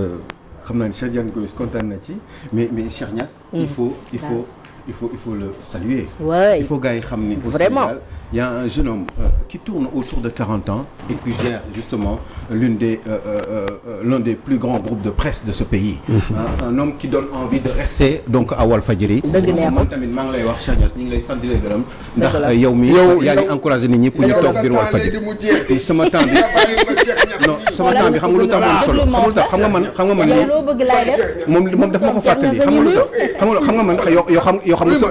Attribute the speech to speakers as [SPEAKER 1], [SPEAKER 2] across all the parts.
[SPEAKER 1] Euh, xam naa ne Cheikh Diagne Gomis kontaan na ci mais mais Cheikh Niass. il mm. faut il faut. il faut il faut le saluer. Ouais, il faut gars yi xam ni. vraiment au Sénégal il y a un jeune homme euh, qui tourne autour de 40 ans. et qui gère justement l'une des euh, euh, euh, l'un des plus grands groupes de presse de ce pays. Mhm. un, un homme qui donne envie de rester donc à Walfadjri. dëgg la moom tamit maa ngi lay wax Cheikh Niass ñu ngi lay sant di lay gërëm. ndax euh, yow mi yaa ngi encouragé nit ñi pour ñu toog biir Walfadjri. te sama temps bi non sama temps bi xam nga lu tax man solo xam nga lu tax xam nga man xam nga man moom moom daf ma ko fàttali xam nga lu tax xam nga man yoo xam yoo xam ne so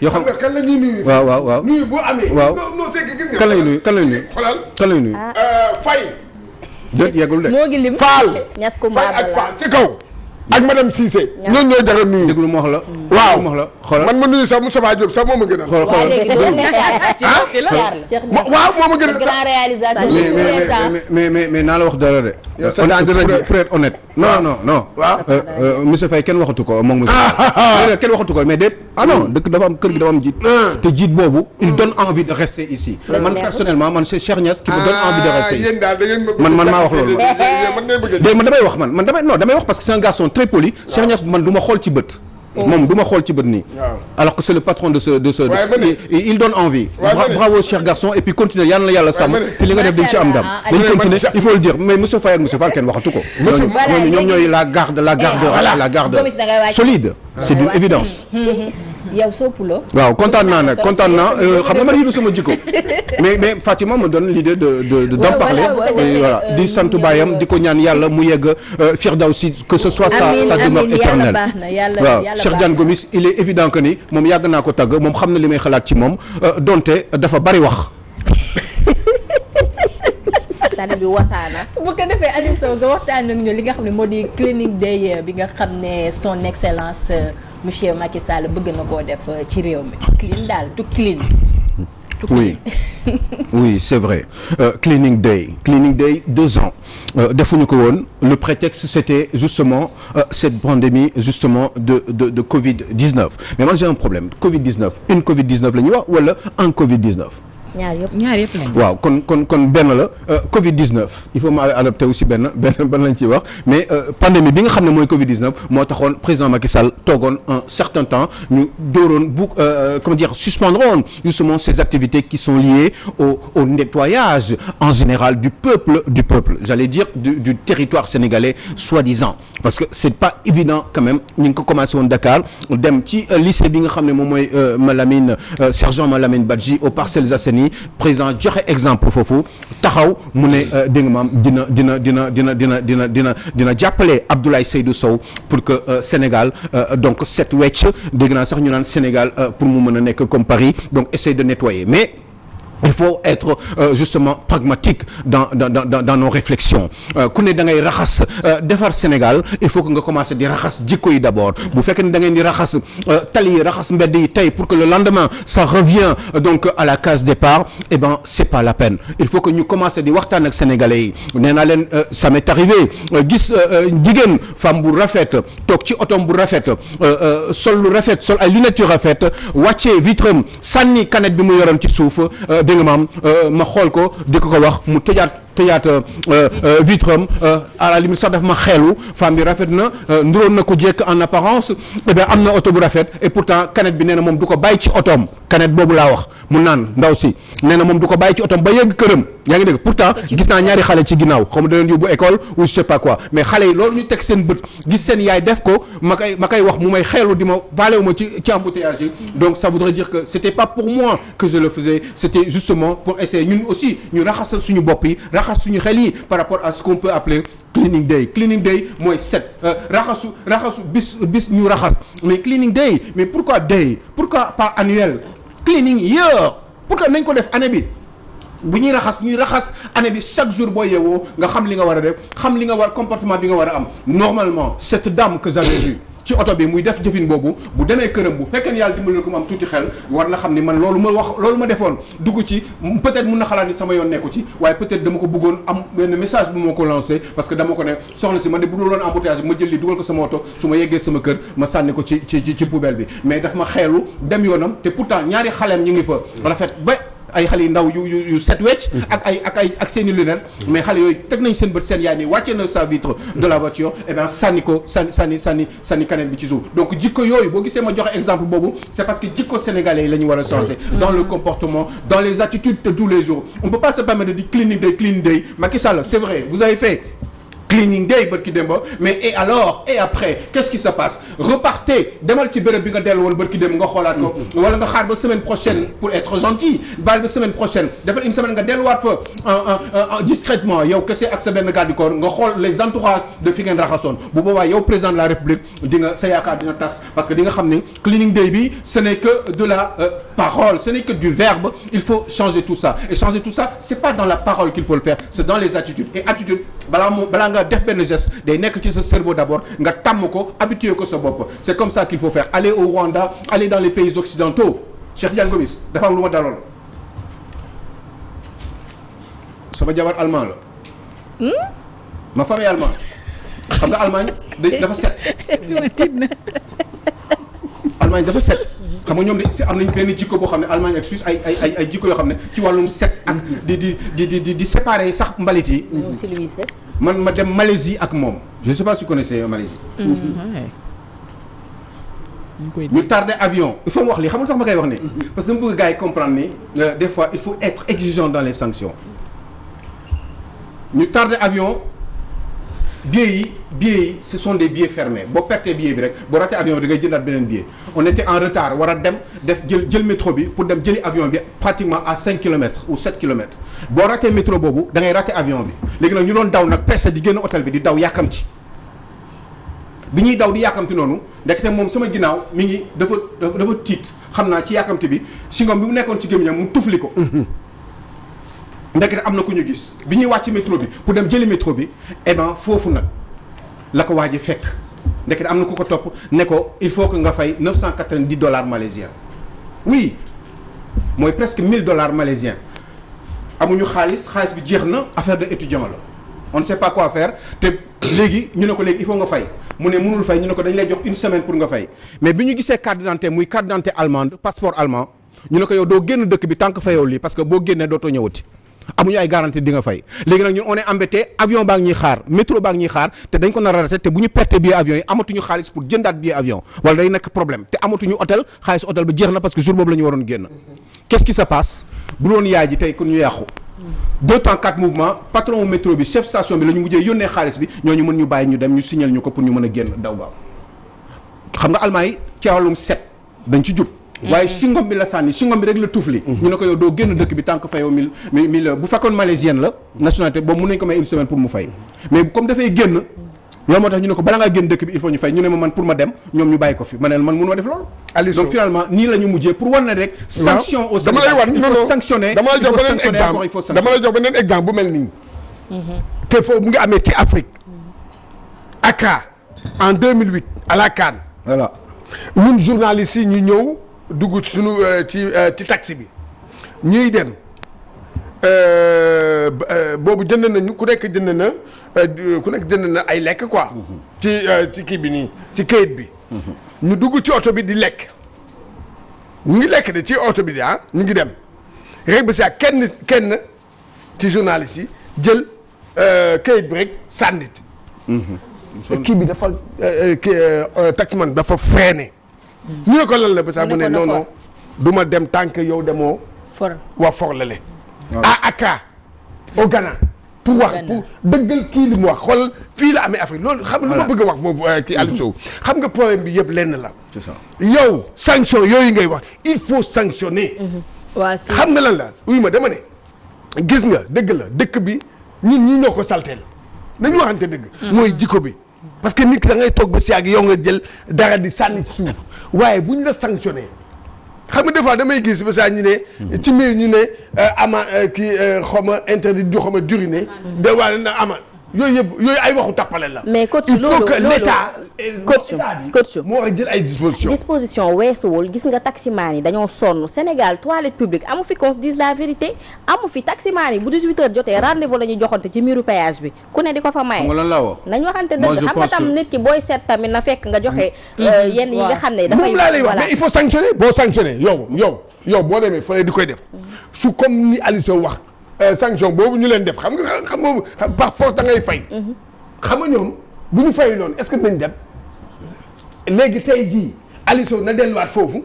[SPEAKER 1] yoo xam nga
[SPEAKER 2] kan la ñuy nuyu. waaw waaw waaw nuyu boo amee. waaw non c'est que gis nga. kan lay
[SPEAKER 1] nuyu kan lay nuyu.
[SPEAKER 2] xoolal kan lay nuyu. Ah. Euh, Faye.
[SPEAKER 1] déet yeggul de. moo ngi lim Faal.
[SPEAKER 2] ñas ko Faye ak Faal
[SPEAKER 1] ci kaw. ak madame Cissé. ñooñu ñoo jaral nuyu. déglu ma wax la. waaw ma wax la xoolal man ma
[SPEAKER 2] nuyu sax Moustapha Diop sax moo ma gënal. xool xool waaw moo ma gënal sax. grand réalisateur
[SPEAKER 1] mais mais mais naa la wax dara de. yow sa temps dina jeex pour être honnête. non non non. waaw monsieur kenn waxatu ko moom monsieur. ah kenn waxatu ko mais déet. ah non dëkk dafa am gi dafa am jiit. te jiit boobu. il donne envie de rester ici. man personnellement man c'est Cheikh Niass qui me donne envie de rester ici.
[SPEAKER 2] man maa wax loolu. man
[SPEAKER 1] damay wax man man damay wax parce que c'est un très poli. Cheikh Niass man du ma xool ci bët. Oh. moom du ma xool ci bët nii. alors que c'est le patron de ce de ce. il donne envie. bravo cher garçon et puis continuer yal na yàlla sàmm. te li nga def dañ ci am ndam. dañ continuer il faut le dire mais monsieur Faye ak monsieur Fall kenn waxatu ko. monsieur ñoom ñooy la garde la garde. Eh, la garde solide. c'est ah, d'une évidence.
[SPEAKER 3] Mm-hmm. yow soo pulo
[SPEAKER 1] waaw kontaan naa nag kontaan naa euh, xam nga man yii du sama jikko mais mais Fatima ma donne l'idée de de euh, di sant baayam di ko ñaan yàlla mu yegg firdawsi euh, que ce soit sa sa demeure éternelle waaw Cheikh Diane Gomis il est évident que ni moom yàgg naa ko tagg moom xam na li may xalaat ci moom donte dafa bari wax
[SPEAKER 3] waxtaan bi wasaana bu ko defee Aliou Sow nga waxtaan ak ñu li nga xam ne moo di clinique day bi nga xam ne son excellence monsieur Macky Sall bëgg na koo def euh, ci réew mi clean daal du clean oui
[SPEAKER 1] oui c'est vrai euh, cleaning day cleaning day deux ans euh, defuñu ko woon le prétexte c'était justement euh, cette pandémie justement de de de Covid 19 mais moi j'ai un problème Covid 19 une Covid 19 la ñuy wax wala un Covid
[SPEAKER 3] ñaar yëpp ñaar yëpp lañ. waaw
[SPEAKER 1] kon kon kon benn la euh, Covid 19 il faut ma adopté aussi benn benn ban lañ ciy wax mais euh, pandémie bi nga xam ne mooy Covid 19 moo taxoon président Macky Sall toogoon un certain temps ñu dóoroon bu euh, comment dire suspendre woon justement ces activités qui sont liées au au nettoyage en général du peuple du peuple j'allais dire du du territoire sénégalais soi-disant parce que c'est pas évident quand même ñu ngi ko commencé woon Dakar dem ci lycée bi nga xam ne moom mooy Malamine sergent Malamine Badji aux Parcelles Assainies nii président joxe exemple foofu taxaw mu ne euh, dégg nga maam dina dina dina dina dina dina dina dina jàppale Abdoulaye Seydou Sow pour que euh, Sénégal euh, donc set wecc dégg naa sax ñu naan Sénégal pour mu mën a nekk comme Paris donc essayer de nettoyer mais il faut être euh, justement pragmatique dans dans dans dans nos réflexions euh, ku ne da ngay raxas euh, defar Sénégal il faut que nga commencer di raxas jikko yi d'abord bu fekkee ne da ngeen di raxas euh, tali yi raxas mbedd yi tey pour que le lendemain ça revient donc à la case départ et eh ben c'est pas la peine il faut que ñu commencer di waxtaan ak sénégalais yi nee naa leen ça m'est arrivé gis jigéen femme bu rafet toog ci otom bu rafet sol lu rafet sol ay lunettes yu rafet wàccee vitre am sànni canette yoroon ci suuf. dégg nga maam euh, ma xool ko di ko ko wax mu tëjaat tëjaat euh, euh, vitre am à la sax daf ma xeelu femme bi rafet na nduroon na ku jekk en apparence eh bien am na oto bu rafet et pourtant canette bi nee na moom du ko bàyyi ci otoom canette boobu laa wax mu naan ndaw si nee na moom du ko bàyyi ci otom ba yegg këram yaa ngi dégg pourtant gis naa ñaari xale ci ginnaaw xaw ma da leen yóbbu école ou je sais pas quoi mais xale yi loolu ñu teg seen bët gis seen yaay def ko ma koy ma koy wax mu may xeelu di ma vaalewu ma ci ci embouteillage yi mm-hmm. donc ça voudrait dire que c'était pas pour moi que je le faisais c'était justement pour essayer aussi ñu raxasal suñu bopp yi raxas suñu xel yi par rapport à ce qu'on peut appeler cleaning day cleaning day mooy set euh, raxasu raxasu bis bis ñu raxas mais cleaning day mais pourquoi day pourquoi pas annuel cleaning yëpp pourtant nañ ko def année bi bu ñuy raxas ñuy raxas année bi chaque jour boo yeewoo nga xam li nga war a def xam li nga war comportement bi nga war a am normalement cette dame que j'avais vue ci oto bi muy def jëfin boobu bu demee këram bu fekkee ne yàlla dimbali ko mu am tuuti xel war na xam ni man loolu ma wax loolu ma defoon dugg ci peut mun na xalaat ni sama yoon nekku ci waaye peut-être dama ko bëggoon am benn message bu ma ko lancé parce que dama ko ne soxna si man de bu dul woon embouteillage bi ma jël li su ma yeggee sama kër ma sànni ko ci ci ci poubelle bi mais daf ma xeelu dem yoonam te pourtant ñaari xaleem ñu ngi fa mm. rafet ba ay xale yu ndaw yu yu yu set wecc mm-hmm. ak ay ak seen i mm-hmm. mais xale yooyu teg nañ seen bët seen yaay ni wàcce na sa vitre de la voiture et eh bien ko sànni sànni sànni kaneen bi ci suuf donc jikko yooyu boo gisee ma joxe exemple boobu c'est parce que jikko sénégalais yi la ñu mm-hmm. dans le comportement dans les attitudes de tous les jours on peut pas permettre de cleaning day cleaning day Macky c'est vrai vous avez fait cleaning day bërki démba mais et alors et après qu'est-ce qui se passe repartez demal ci béréb bi nga dellu woon bërki nga xoolaat ko nga xaar ba semaine prochaine pour être gentil baal semaine prochaine defal une semaine nga delluwaat fa discrètement yow kese ak sa benn garde corps nga xool les entourages de fi ngeen raxasoon bu boobaa yow président de la république di nga sa yaakaar parce que di nga cleaning day bi ce n'est que de la euh, parole la def benn geste day nekk ci sa cerveau d'abord nga tàmm ko habitué ko sa boppa c'est comme ça qu'il faut faire aller au Rwanda aller dans les pays occidentaux Cheikh Diagne Gomis dafa am lu ma daloon sama jabar allemand
[SPEAKER 3] la hmm?
[SPEAKER 1] ma famille allemand xam nga Allemagne dafa set Allemagne dafa set xam nga ñoom de si am na benn jikko boo xam ne Allemagne ak Suisse ay ay ay jikko yoo xam ne ci wàllum set ak di di di di di sax mbalit yi man ma dem Malaisie ak moom je sais pas si vous euh, Malaisie. Mm-hmm. ñu tardé avion il faut mu wax lii xam nga tax ma koy wax ne. parce que dama bëgg gars yi comprendre ni euh, des fois il faut être exigeant dans les sanctions ñu tardé avion billets yi billets yi ce sont des billets boo pertee billet bi rek boo raté avion bi da ngay jëndaat beneen billet on était en retard war a dem def jël jël métro bi pour dem jëli avion bi pratiquement à cinq kilomètres ou 7 kilomètres boo raté métro boobu da ngay raté avion bi léegi nag ñu doon daw nag pressé di génn hôtel bi di daw yàkkamti bi ñuy daw di yàkkamti noonu ndekete moom sama ginnaaw mi ngi dafa dafa tiit xam naa ci yàkkamti bi si ngom bi mu nekkoon ci gémmiñam mu tufli ko mhm. ndekete am na ku ñu gis bi ñuy wàcc métro bi pour dem jëli métro bi eh ben foofu nag la ko waaj fekk ndekete am na ku ko topp ne ko il faut que nga fay dollars malaisiens oui mooy presque 1000 dollars malaisiens amuñu xaalis xaalis bi jeex na affaire de étudiant la on ne pas quoi faire te léegi ñu ne ko léegi il faut nga fay mu ne mënul fay ñu ne ko dañ lay jox une semaine pour nga fay mais bi ñu gisee carte d'identité muy carte d'identité allemande passeport allemand ñu ne ko yow doo génn dëkk bi tant que fayoo lii que boo génnee dootoo ñëwati. amuñu ay garantie di nga fay léegi nag ñun on est embêté avion baa ngi xaar métro baa ngi ñuy xaar te dañ ko nar a raté te bu ñu perte billet avion yi amatuñu xaalis pour jëndaat billet avion wala day nekk problème te amatuñu hôtel xaalis hôtel ba jeex na parce que jour boobu la waroon génn quest qui se passe bu loon yaay ji tey kon ñu yàqu deux temps quatre mouvement patron métro bi chef station bi la ñu mujjee yónnee xaalis bi ñooñu mën ñu bàyyi ñu dem ñu signal ñu ko pour ñu xam nga almaa yi ci wàllum dañ ci jub Mm-hmm. waaye singom bi la sànni singom bi rek la tuufli mm-hmm. ñu ne ko yow doo génn dëkk bi tant que fayoo mille mille bu fekkoon malaisienne la mm-hmm. nationalité boobu mun nañ ko may une semaine pour mu fay mais comme dafay génn loolu moo tax ñu ne ko bala ngaa génn dëkk bi il faut ñu fay ñu ne ma man pour ma dem ñoom ñu bàyyi ko fi ma man mënu ma def loolu donc finalement nii la mujjee pour wan ne rek sanction au Sénégal dama lay jox beneen
[SPEAKER 2] exemple exemple bu mel nii te foofu à la CAN voilà ñun journalistes ñu ñëw dugg ci sunu euh, ci euh, ci taxi bi ñuy dem euh, boobu jënd nañu ku nekk jënd na ku nekk jënd na ay lekk quoi. Mm-hmm. ci kii bi nii ci kayit bi. Mm-hmm. ñu dugg ci oto bi di lekk ñu ngi lekk de ci oto bi di ah ñu ngi dem rek ba saa kenn kenn ci journaliste yi jël kayit bi rek sànnit
[SPEAKER 1] mm-hmm.
[SPEAKER 2] kii bi dafa kii taximan dafa freiné. ñu ne ko lan la bi sax mu ne non non ma dem tànk yow demoo. for waa for la le. à ah. pour wax pour dëggal kii li mu wax xool fii la amee Afrique loolu xam lu ma bëgg a wax foofu euh, kii Aliou Sow mm. xam nga problème bi yëpp lenn la. yow sanction yooyu ngay wax il faut sanctionner. Mm-hmm. xam nga lan la uy ma dama ne. gis nga dëgg la dëkk bi ñun ñu ñoo ko salteel nañu waxante dëgg. Mm. mooy jikko bi. parce que nit ki da ngay toog ba si ak yow nga jël dara di sànni suuf waaye bu ñu la sanctionné xam nga des fois damay gis ba saa ñu ne. ci mbir ñu ne euh, ama euh, kii euh, xaw ma interdit du xaw ma durine. Ah. de na ama. yooyu yëpp yooyu ay waxu tappale la. mais
[SPEAKER 4] coach loolu il faut que l'état
[SPEAKER 2] coach moo war a jël ay disposition
[SPEAKER 4] weesuwul gis nga taximaan yi dañoo sonn Sénégal toilette publique amu fi qu'on la vérité amu fi taximaan yi bu 18 jotee rendez-vous la ñuy joxante ci miiru péage bi ku ne di ko fa maye. xam nga lan la wax nañu waxante dëgg xam booy seet na fekk nga joxe. Mm-hmm. Euh, yenn yi nga xam ne dafay. moom laa lay wax mais il
[SPEAKER 2] faut sanctionner boo yow yow yow boo demee fële di koy def mm-hmm. su comme ni Aliou Sow wax. Euh, sanction boobu ñu leen def xam nga xam nga par force da ngay fay. Mhm. xam nga ñoom bu ñu fay loon est-ce que nañ dem léegi tey jii Aliou Sow na delluwaat foofu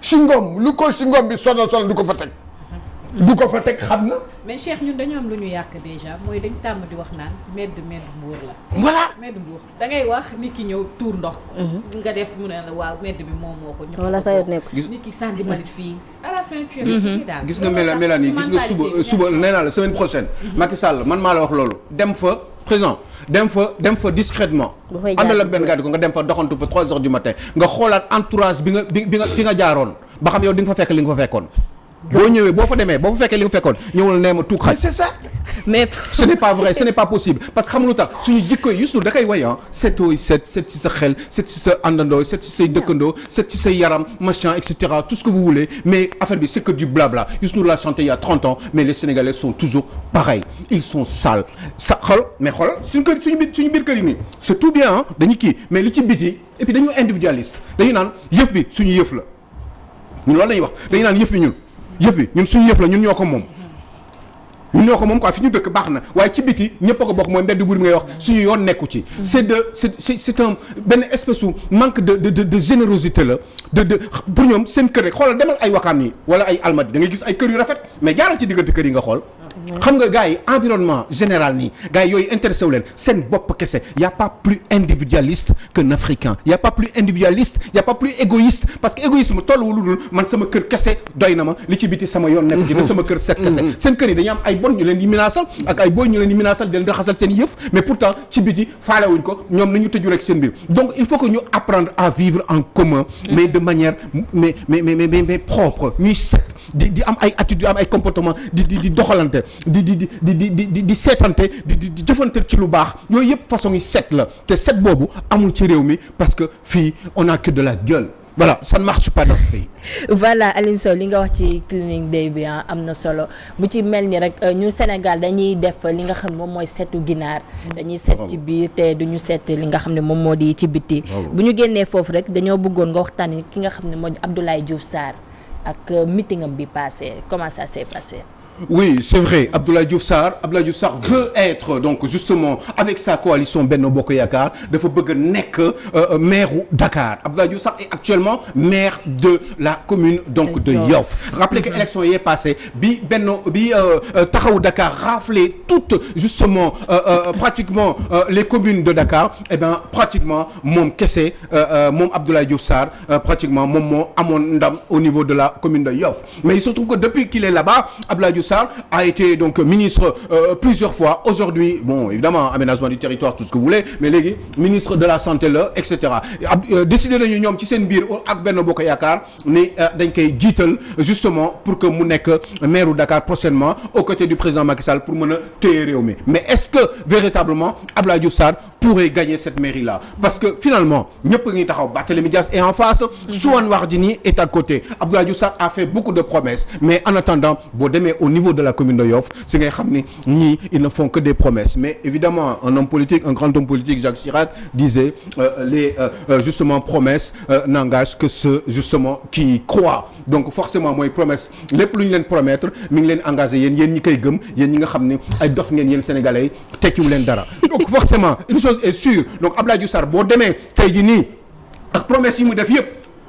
[SPEAKER 2] si ngoom lu ko si ngoom bi sonal sonal du ko fa teg. du ko fa teg xam na. mais Cheikh ñun
[SPEAKER 3] dañu am lu ñu yàq déjà mooy dañ tàmm di wax naan medd medd mbuur la. voilà medd mbuur da ngay wax nit ki ñëw tuur ndox. Mhm. nga def mu ne la waaw medd bi moom gis fii. à la fin tu es mhm.
[SPEAKER 4] daal. nga suba suba
[SPEAKER 1] nee naa la semaine prochaine. Mhm. Macky Sall man maa la wax loolu dem fa. présent dem fa dem fa discrètement am na la benn gàddu ko nga dem fa doxantu fa trois heures du matin nga xoolaat entourage bi nga bi nga fi nga jaaroon ba xam yow di nga fa fekk li nga fa fekkoon boo ñëwee boo fa demee boo fa fekkee li nga fekkoon ñëwul nee ma tuug xaj. mais c'est ça. mais ce n'est pas vrai ce n'est pas possible parce que xam lu tax suñu jikko yi Youssou da koy woy ah. seetooy seet seet ci sa xel seet ci sa àndandoo seet ci say dëkkandoo seet ci say yaram machin et tout ce que vous voulez mais affaire bi c'est que du blabla Youssou l'a chanté il y a 30 ans mais les Sénégalais sont toujours pareils ils sont sales sa mais xoolal su kër suñu biir suñu biir kër yi nii c'est tout bien ah dañu kii li ci biti et puis dañu individualiste naan yëf bi suñu yëf la loolu lañuy wax dañu naan yëf bi yëf bi ñun suñu yëf la ñun ñoo ko moom ñun ñoo ko moom quoi fi ñu dëkk baax na waaye ci biti ñëpp a ko bokk mooy mbedd buur bi ngay wax suñu yoon nekku ci c'est de c'est c'est un benn espèce u manque de de de générosité la de de pour ñoom seen kër rek xoolal demal ay Wakaam yi wala ay Almadies da ngay gis ay kër yu rafet mais jaaral ci diggante kër yi nga xool xam nga gars yi environnement général nii gars yi yooyu intéressé leen seen bopp kese y' a pas plus individualiste qu'un africain y' a pas plus individualiste y' a pas plus égoïste parce que égoïsme tolluwu lu dul man sama kër kese doy na ma li ci biti sama yoon nekk ci na mhm. sama kër set kese mhm. seen kër yi dañu am ay bon ñu leen di menacer ak ay boy ñu leen di menacer di leen seen yëf mais pourtant ci biti faalewuñ ko ñoom nañu tëju rek seen mbir jëflante di di di di di di di seetante di di jëfante ci lu baax yooyu yëpp façon yi set la te set boobu amul ci réew mi parce que fii on a que de la gueule voilà ça ne marche pas dans ce
[SPEAKER 3] voilà Alioune li nga wax ci cleaning day bi ah, am na solo bu ci mel ni rek euh, ñu Sénégal dañuy def li nga xam moom mooy seetu ginaar. dañuy seet ci biir te duñu set li nga xam ne moom moo di ci bitti. bu ñu génnee foofu rek dañoo bëggoon nga waxtaan ki nga xam ne moo di Abdoulaye Diouf saar ak euh, meeting bi passé comment ça s'est passé.
[SPEAKER 1] oui c'est vrai Abdoulaye Diouf Sarr Abdoulaye Diouf Sarr veut être donc justement avec sa coalition Benno Bokk Yaakaar dafa bëgg a nekk euh, maire u Dakar Abdoulaye Diouf Sarr est actuellement maire de la commune donc de Yoff rappelez que mhm. élection yi passé bi Benno bi euh, euh, Taxawu Dakar raflé toutes justement pratiquement les communes de Dakar et eh ben pratiquement moom kese moom Abdoulaye Diouf Sarr pratiquement moom moo amoon ndam au niveau de la commune de Yoff mais il se trouve que depuis qu'il est là-bas Sall a été donc ministre euh, plusieurs fois aujourd'hui bon évidemment aménagement du territoire tout ce que vous voulez mais léegi ministre de la santé la et cetera euh, décidé nañu ñoom ci seen biir ak Benno Bokk Yaakaar ni euh, dañ koy jiital justement pour que mu nekk maire de Dakar prochainement aux côtés du président Macky Sall pour mën a téye réew mi mais est-ce que véritablement Abdoulaye Diouf Sarr pourrait gagner cette mairie-là parce que finalement ñëpp a ngi taxaw Barthélémy Dias est en face Soham Wardini est à côté Abdoulaye Diouf a fait beaucoup de promesses mais en attendant boo demee au niveau de la commune de Yoff si ngay xam ni ñii ils ne font que des promesses mais évidemment un grand homme politique Jacques Chirac disait euh, les euh, euh, justement promesses euh, n'engagent que ceux justement qui y croient donc forcément mooy promesse lépp lu ñu leen promettre mi ngi leen engagé yéen yéen ñi koy gëm yéen ñi nga xam ne ay dof ngeen yéen sénégalais yi leen dara chose est sûre donc Abdoulaye Diouf boo demee tey ji nii ak promesse yi mu def yëpp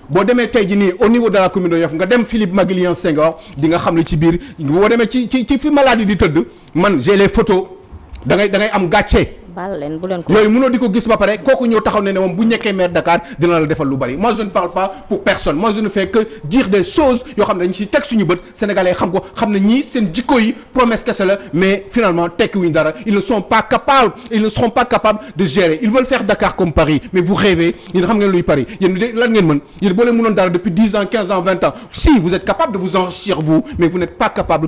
[SPEAKER 1] boo demee tey ji nii au niveau de la commune de Yoff nga dem Philippe Maguilène Senghor di nga xam ne ci biir boo demee ci ci ci fi maladie di tëdd man j'ai les photos da ngay da ngay am gàcce.
[SPEAKER 4] baal leen bu leen ko yooyu
[SPEAKER 1] mënoo di ko gis ba pare kooku ñëw taxaw ne ne moom bu ñekkee maire Dakar dina la defal lu bari moi je ne parle pas pour personne moi je ne fais que dire des choses yoo xam ne dañ ci teg suñu bët sénégalais xam ko xam ne ñii seen jikko yi promesse kese la mais finalement tekkiwuñu dara ils ne sont pas capables ils ne seront pas capables de gérer ils veulent faire Dakar comme Paris mais vous rêvez yéen xam ngeen Paris yéen lan ngeen pas capable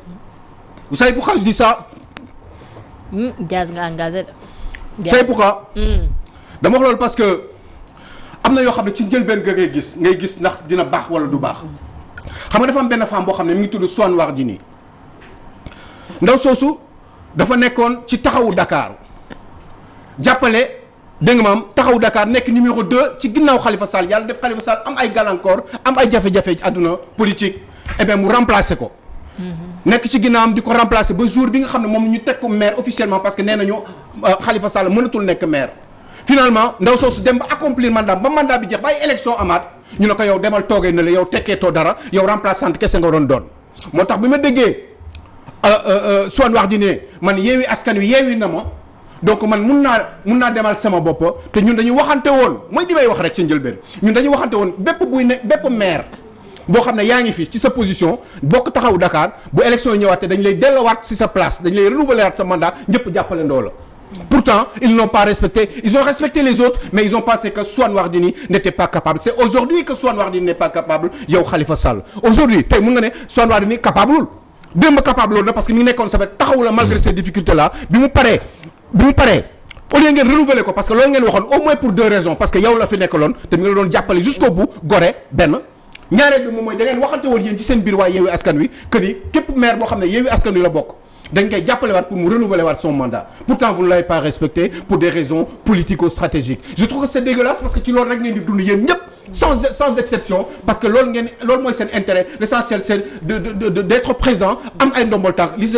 [SPEAKER 1] Vous savez pourquoi je dis
[SPEAKER 3] hmm, nga engagé. vous savez
[SPEAKER 1] pourquoi. Hmm. dama wax loolu parce que am na yoo xam ne ci njëlbeen ga ngay gis ngay gis ndax dina baax wala du baax. xam nga dafa benn femme boo xam ne mi ngi tudd Soham Wardini ndaw soosu dafa nekkoon ci taxawu Dakar jàppale. dégg nga maam taxaw Dakar nekk numéro 2 ci ginnaw xalifa Sall yàlla def Khalifa Sall am ay gàllankoor am ay jafe-jafe ci àdduna politique et eh mu remplacer ko nekk ci am di ko remplacer ba jour bi nga xam ne moom ñu teg ko maire officiellement parce que nee nañu euh, Khalifa Sall mënatul nekk maire. finalement ndaw soosu dem ba accomplir mandat ba mandat bi jeex ba ay élection amaat ñu ne ko yow demal toogee na la yow tekkeetoo dara yow remplaçante kese nga doon doon moo tax bi ma déggee euh, euh, Soham wax di ne man yeewi askan wi yeewi na ma donc man mun naa mun naa demal sama bopp te ñun dañu waxante woon mooy li may wax rek ci njëlbeen ñun dañu waxante woon bépp buy ne bépp maire boo xam ne yaa ngi fi ci sa position bokk taxaw Dakar bu élection yi ñëwaatee dañ lay delloowaat si sa place dañ lay renouveler waat sa mandat ñëpp jàppale ndoo la pourtant ils n'ont pas respecté ils ont respecté les autres mais ils ont pensé que Soham El Wardini n'était pas capable c'est aujourd'hui que Soham El Wardini n'est pas capable yow Khalifa Sall aujourd'hui tey mun nga ne Soham El Wardini capableul démb capable loolu na parce que mi nekkoon sa ñaareel bi moom mooy da ngeen waxante woon yéen ci seen biir waaye yeewi askan wi que ni képp maire boo xam ne yeewi askan wi la bokk dañ koy jàppale waat pour mu renouveler waat son mandat pourtant vous ne l'avez pas respecté pour des raisons politico-stratégiques je trouve que c'est dégueulasse parce que ci loolu rek ngeen di dund yéen ñëpp sans exception parce que loolu ngeen loolu mooy seen intérêt l'essentiel d'être présent am ay ndombol tànk li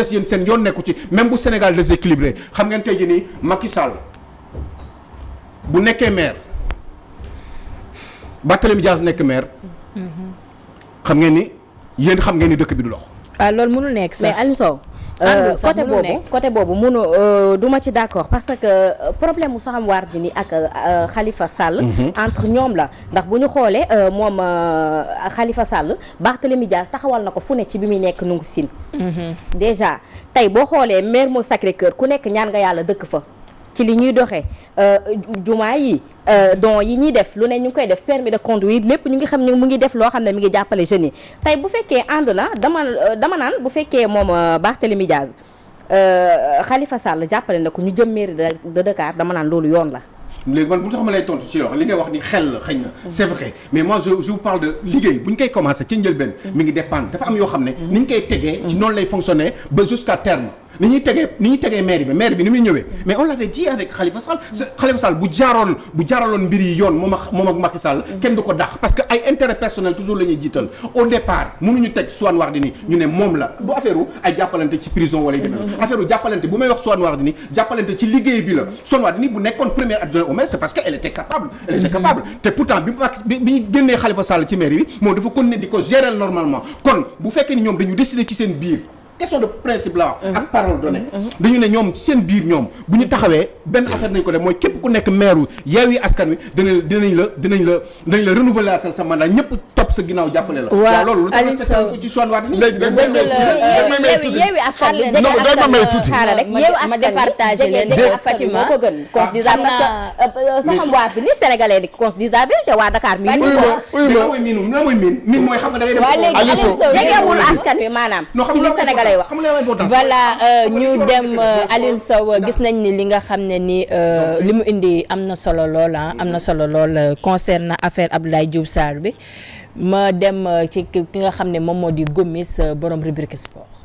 [SPEAKER 1] des Mm-hmm. xam ngeen ni yéen xam ngeen ni dëkk bi du dox.
[SPEAKER 3] ah loolu mënul nekk sax mais Aliou Sow.
[SPEAKER 1] Euh, côté
[SPEAKER 4] boobu
[SPEAKER 3] côté boobu munu
[SPEAKER 4] euh, duma ci d'accord parce que euh, problème mu Soham Wardini ak euh, euh, Khalifa Sall mm -hmm. entre ñoom la ndax bu ñu xoolee moom xalifa Sall Barthélemy Dias taxawal na ko fu ne ci bi muy nekk nungu sin mm-hmm. déjà tey boo xoolee maire moo Sacré-Cœur ku nekk ñaan nga yàlla dëkk fa ci li ñuy doxee Euh, jumaa yi euh, don yi ñuy def lu ne ñu ngi koy def permis de conduire lépp ñu ngi xam ne mu ngi def loo xam ne mi ngi jàppale jeunes yi bu fekkee ànd na dama euh, dama naan bu fekkee moom Barthélemy Diaz Khalifa Sall jàppale na ko ñu jëm mairie de Dakar dama naan loolu yoon la.
[SPEAKER 1] léegi man bu tax ma lay tontu ci wax li ngay wax ni xel la xëy na c'est vrai mais moi je parle de liggéey bu ñu koy commencer ci njëlbeen. mi ngi def dépendre dafa am yoo xam ne. ni ñu koy tegee. ci lay fonctionner ba jusqu'à terme. ni ñuy tegee ni ñuy tegee maire bi maire bi ni muy ñëwee mais on l'avait dit avec Khalifa Sall Khalifa Sall bu jaaroon bu jaaraloon mbir yi yoon moom ak moom ak Macky Sall kenn du ko dàq parce que ay intérêt personnel toujours la jiital au départ mënuñu teg Soham Wardini ñu ne moom la bu affaire ay jàppalante ci prison wala yu demee affaire u jàppalante bu may wax Soham Wardini jàppalante ci liggéey bi la Soham Wardini bu nekkoon première di ko gérer normalement kon bu fekkee seen biir question de principe la wax. Mhm. ak parole donnée. Mhm. Mhm. dañu ne ñoom seen biir ñoom bu ñu taxawee benn affaire nañ ko def mooy képp ku nekk maire Yewwi Askan Wi dinañ dinañ la dinañ la dinañ la renouveler atal sa mandat ñëpp topp sa ginnaaw jàppale la. waaw loolu lu tax ko ci sonn waat. léegi dëgg la euh, Yewwi Askan Wi xaaral rek ma départager leen Fatima ah, xam na
[SPEAKER 4] saxam waa bi ni sénégalais di cause disabilité waa Dakar mi ñu ko
[SPEAKER 1] miin mooy xam nga da ngay dem
[SPEAKER 4] jegewul askan wi maanaam ci ni sénégalais koy wax voilà euh, ñu dem euh,
[SPEAKER 3] Aline Sow euh, gis nañ ni li nga xam ne ni li mu indi am na solo loola ah, am na solo lool na affaire Abdoulaye Diouf Sarr bi ma dem ci ki nga xam ne moom moo di Gomis borom rubrique sport